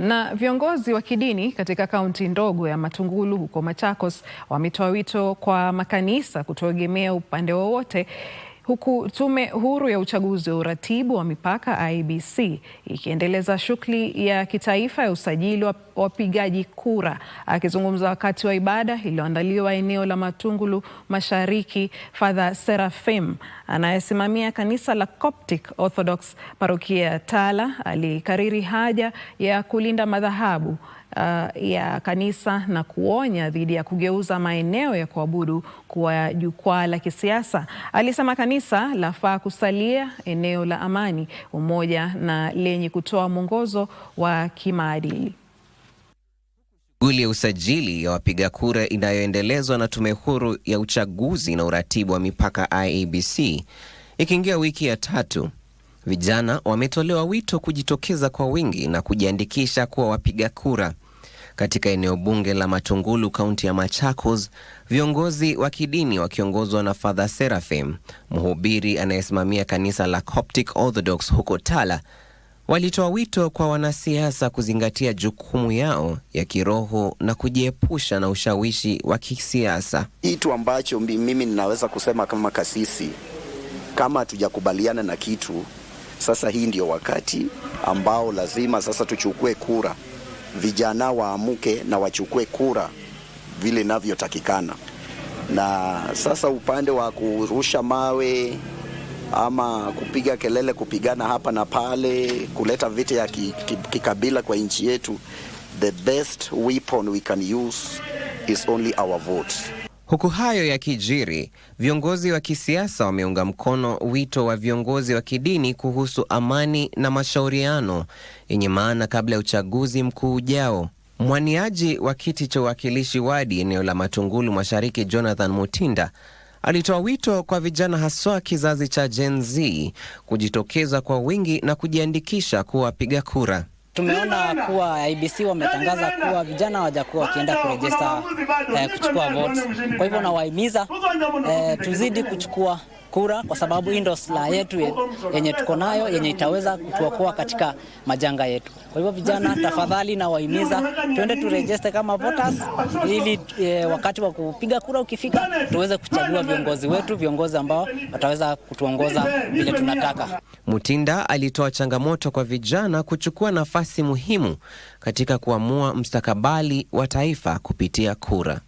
Na viongozi wa kidini katika kaunti ndogo ya Matungulu huko Machakos wametoa wito kwa makanisa kutoegemea upande wowote huku Tume Huru ya Uchaguzi wa Uratibu wa Mipaka IEBC ikiendeleza shughuli ya kitaifa ya usajili wa wapigaji kura. Akizungumza wakati wa ibada iliyoandaliwa eneo la Matungulu Mashariki, Father Seraphim anayesimamia kanisa la Coptic Orthodox parokia ya Tala alikariri haja ya kulinda madhahabu uh, ya kanisa na kuonya dhidi ya kugeuza maeneo ya kuabudu kuwa jukwaa la kisiasa. Alisema kanisa lafaa kusalia eneo la amani, umoja na lenye kutoa mwongozo wa kimaadili. Shughuli ya usajili ya wapiga kura inayoendelezwa na Tume Huru ya Uchaguzi na Uratibu wa Mipaka IEBC ikiingia wiki ya tatu, vijana wametolewa wito kujitokeza kwa wingi na kujiandikisha kuwa wapiga kura. Katika eneo bunge la Matungulu, kaunti ya Machakos, viongozi wa kidini wakiongozwa na Fadha Seraphim, mhubiri anayesimamia kanisa la Coptic Orthodox huko Tala, walitoa wito kwa wanasiasa kuzingatia jukumu yao ya kiroho na kujiepusha na ushawishi wa kisiasa. Kitu ambacho mimi ninaweza kusema kama kasisi, kama hatujakubaliana na kitu sasa, hii ndio wakati ambao lazima sasa tuchukue kura vijana waamuke na wachukue kura vile inavyotakikana. Na sasa upande wa kurusha mawe ama kupiga kelele, kupigana hapa na pale, kuleta vita ya kikabila kwa nchi yetu, the best weapon we can use is only our votes. Huku hayo yakijiri, viongozi wa kisiasa wameunga mkono wito wa viongozi wa kidini kuhusu amani na mashauriano yenye maana kabla ya uchaguzi mkuu ujao. Mwaniaji wa kiti cha uwakilishi wadi eneo la Matungulu Mashariki, Jonathan Mutinda alitoa wito kwa vijana haswa kizazi cha Gen Z kujitokeza kwa wingi na kujiandikisha kuwa wapiga kura tumeona kuwa IBC wametangaza kuwa vijana hawajakuwa wakienda kurejista eh, kuchukua vote. Kwa hivyo nawahimiza eh, tuzidi kuchukua kura, kwa sababu hii ndio silaha yetu yenye tuko nayo yenye itaweza kutuokoa katika majanga yetu. Kwa hivyo vijana, tafadhali na wahimiza tuende turejeste kama voters, ili e, wakati wa kupiga kura ukifika tuweze kuchagua viongozi wetu, viongozi ambao wataweza kutuongoza vile tunataka. Mutinda alitoa changamoto kwa vijana kuchukua nafasi muhimu katika kuamua mstakabali wa taifa kupitia kura.